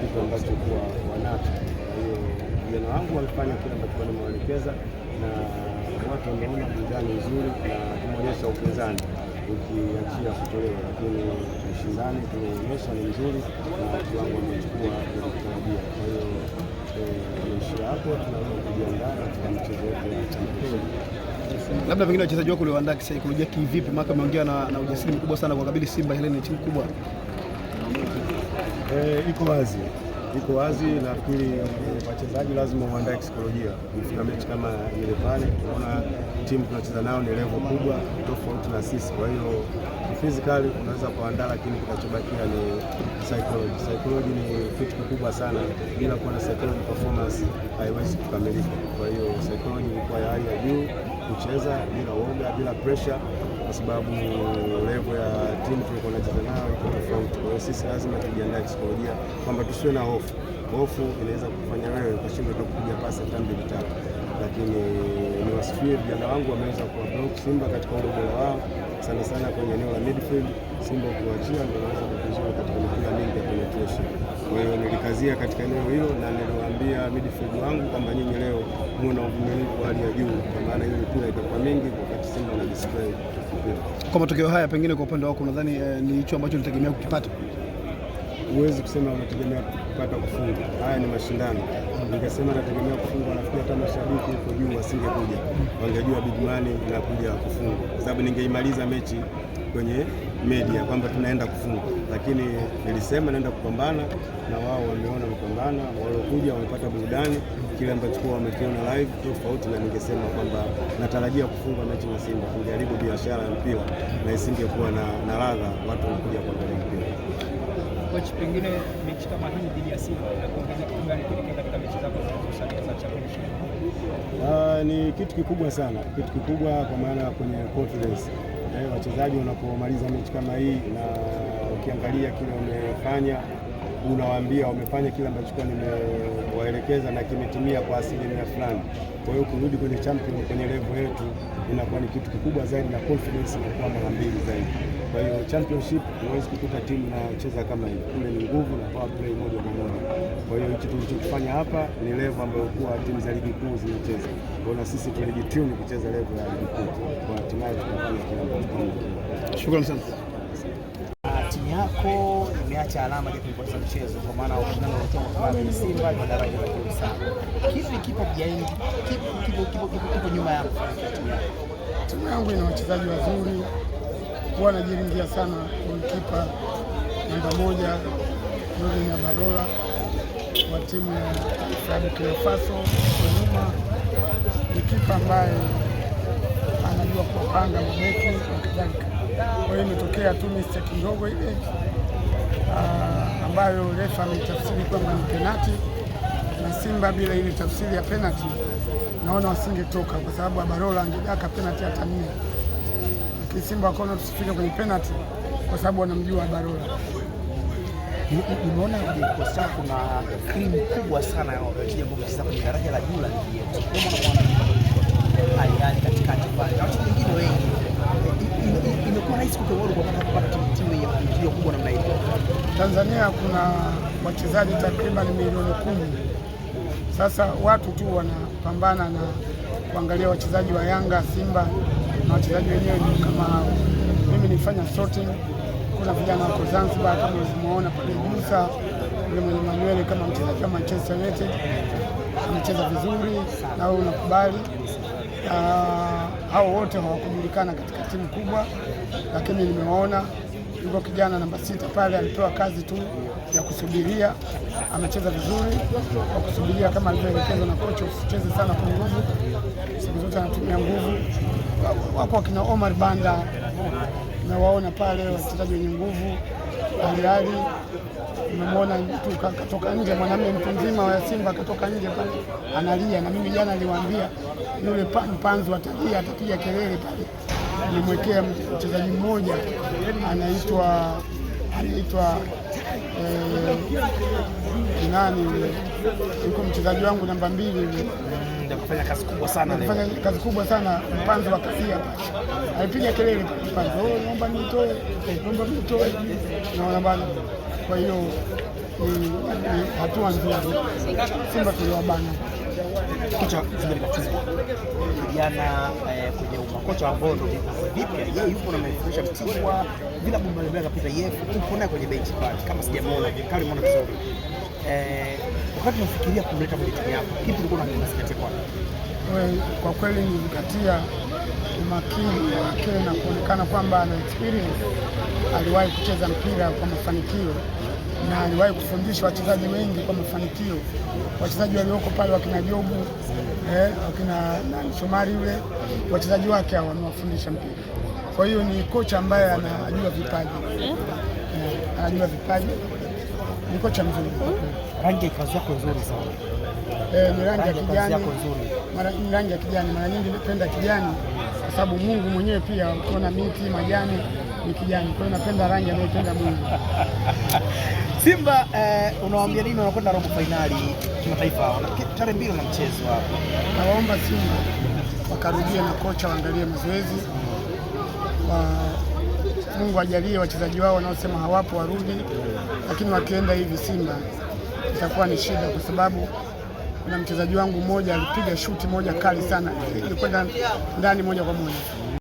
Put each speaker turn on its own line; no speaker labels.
kitu ambacho kuwa wanacho. Kwa hiyo vijana wangu walifanya kile ambacho walimwelekeza na watu wameona burudani nzuri na tumeonyesha upinzani ukiachia kutolewa, lakini ushindani tumeonyesha ni mzuri na wangu wamechukua kutarajia. Kwa hiyo imeishia eh, hapo, tunaweza kujiandaa katika mchezo wetu.
Labda pengine wachezaji wako uliwaandaa kisaikolojia kivipi? Maana ameongea na ujasiri mkubwa sana kwa kabili Simba, hili ni timu kubwa
é, Equalizer. iko wazi. Nafikiri wachezaji lazima uandae kisaikolojia kufika mechi kama ile pale. Tunaona timu tunacheza nao ni level kubwa tofauti na sisi, kwa hiyo physically unaweza kuandaa, lakini kinachobakia ni psychology. Psychology ni kitu kikubwa sana, bila kuwa na psychology performance haiwezi kukamilika. Kwa hiyo psychology ilikuwa ya hali ya juu, kucheza bila woga, bila pressure, kwa sababu level ya timu tulikuwa tunacheza nayo iko tofauti. Kwa hiyo sisi lazima tujiandae kisaikolojia kwamba tusiwe na hofu hofu. Hofu inaweza kufanya wewe ukashindwa hata kupiga pasi hata mbili tatu, lakini ni wasifie vijana wangu wameweza kuwa block Simba katika ule ubora wao sana sana kwenye eneo la midfield. Simba kuachia ndio naweza kukuzua katika mipira mingi ya penetration. Kwa hiyo nilikazia katika eneo hilo na niliwaambia midfield wangu kwamba nyinyi leo muwe na uvumilivu hali ya juu, kwa maana hiyo mipira itakuwa mingi wakati Simba na display.
Kwa matokeo haya, pengine kwa upande wako unadhani eh, ni hicho ambacho nitegemea kukipata?
huwezi kusema unategemea kupata kufunga Haya ni mashindano. ningesema nategemea kufungwa, nafikiri hata mashabiki huko juu wasingekuja, wangejua Big Money inakuja kufunga, kwa sababu ningeimaliza mechi kwenye media kwamba tunaenda kufunga lakini nilisema naenda kupambana na wao. Wameona kupambana, waliokuja wamepata burudani, kile ambacho kwa wamekiona live tofauti, na ningesema kwamba natarajia kufunga mechi na Simba. Kujaribu biashara ya mpira na isingekuwa na ladha, watu wanakuja kuangalia mpira.
Coach, pengine mechi kama hii dhidi ya Simba na kuongeza kitu gani kuelekea katika mechi zako zinazosalia za championship?
Uh, ah, ni kitu kikubwa sana, kitu kikubwa kwa maana kwenye confidence eh, wachezaji wanapomaliza mechi kama hii na ukiangalia kile wamefanya unawaambia wamefanya kile ambacho kwa nimewaelekeza na kimetimia kwa asilimia fulani. Kwa hiyo kurudi kwenye champion kwenye level yetu inakuwa ni kitu kikubwa zaidi na confidence inakuwa mara mbili zaidi. Kwa hiyo championship huwezi kukuta timu inacheza kama hii. kule ni nguvu na power play moja kwa moja. Kwa hiyo hichi tulichokifanya hapa ni level ambayo kwa timu za ligi kuu zinacheza, na sisi tulijitune kucheza level ya ligi kuu, kwa hatimaye tunafanya kile ambacho.
Shukrani sana timu yako imeacha alama japo ilipoteza mchezo, kwa maana Simba ni daraja la juu sana. Kipi kipo behind, kipo nyuma yako timu yako?
Timu yangu ina wachezaji wazuri, huwa najiringia sana golikipa namba moja Dodina Barola wa timu ya Burkina Faso nyuma, ni kipa ambaye anajua kupanga mabeki na kadhalika kwa hiyo imetokea tu mistake kidogo ile ah, ambayo refa ametafsiri kwamba ni penati, na Simba bila ile tafsiri ya penati naona wasingetoka, kwa sababu Abarola angedaka penati hata nne, lakini Simba wakaona tusifike kwenye penati kwa sababu wanamjua Abarola.
Nimeona kosa kuna krimu kubwa sana ya wakati kwenye daraja la juu la ligi yetu, hali hali katikati pale na watu wengine wengi imekuwa rahisi kupata timu ya kubwa namna hiyo.
Tanzania kuna wachezaji takriban milioni kumi. Sasa watu tu wanapambana na kuangalia wachezaji wa Yanga, Simba na wachezaji wenyewe kama hao. Mimi nilifanya sorting, kuna vijana wako Zanzibar kama ulivyomuona pale Musa yule mwenye kama mchezaji wa Manchester United anacheza vizuri na wewe unakubali Ah, hao wote hawakujulikana katika timu kubwa, lakini nimewaona. Yuko kijana namba sita pale, alipewa kazi tu ya kusubiria, amecheza vizuri kwa kusubiria kama alivyoelekezwa na kocha, usicheze sana kwa nguvu, siku zote anatumia nguvu. Wako wakina Omar Banda, nawaona pale wachezaji wenye nguvu kwa Hilali. Nimemwona mtu katoka nje, mwanamume mtu mzima wa Simba katoka nje pale analia, na mimi jana niliwaambia yule mpanzu atalia, atapiga kelele pale. Nimwekea mchezaji mmoja anaitwa anaitwa e, nani yuko mchezaji wangu namba mbili
mm, kufanya kazi kubwa sana
kazi kubwa sana mpanzo wa kasia alipiga kelele mpanzo, oh, naomba nitoe, naomba nitoe, naona bana. Kwa hiyo ni hatua nzuri Simba tuliwabana
kocha jana eh, kwenye umakocha ambao ndio vipya, yeye yupo na mafundisha Mtibwa yeye upo naye kwenye benchi pale, kama sijamuona kali vizuri eh, wakati nafikiria kumleta kwenye timu yako, kitu ulikuwa
Kwa kweli nilikatia umakini wake na kuonekana kwamba ana experience. Aliwahi kucheza mpira kwa mafanikio na aliwahi kufundisha wachezaji wengi kwa mafanikio, wachezaji walioko pale wakina Jobu eh, wakina Shomari yule, wachezaji wake hao wamewafundisha mpira. Kwa hiyo ni kocha ambaye anajua vipaji eh, anajua vipaji, ni kocha mzuri.
Rangi ya kazi yako nzuri sana
eh, ni rangi ya kijani, mara ni rangi ya kijani, mara nyingi napenda kijani sababu Mungu mwenyewe pia ukiona miti majani ni kijani. Kwa hiyo napenda rangi anayotenda Mungu.
Simba eh, unawaambia nini wanakwenda robo fainali kimataifa, tarehe mbili na mchezo hapo?
Nawaomba Simba wakarudie na kocha waangalie mazoezi wa Mungu ajalie wachezaji wao wanaosema hawapo warudi, lakini wakienda hivi Simba itakuwa ni shida kwa sababu kuna mchezaji wangu mmoja alipiga shuti moja kali sana, ilikwenda ndani moja kwa moja.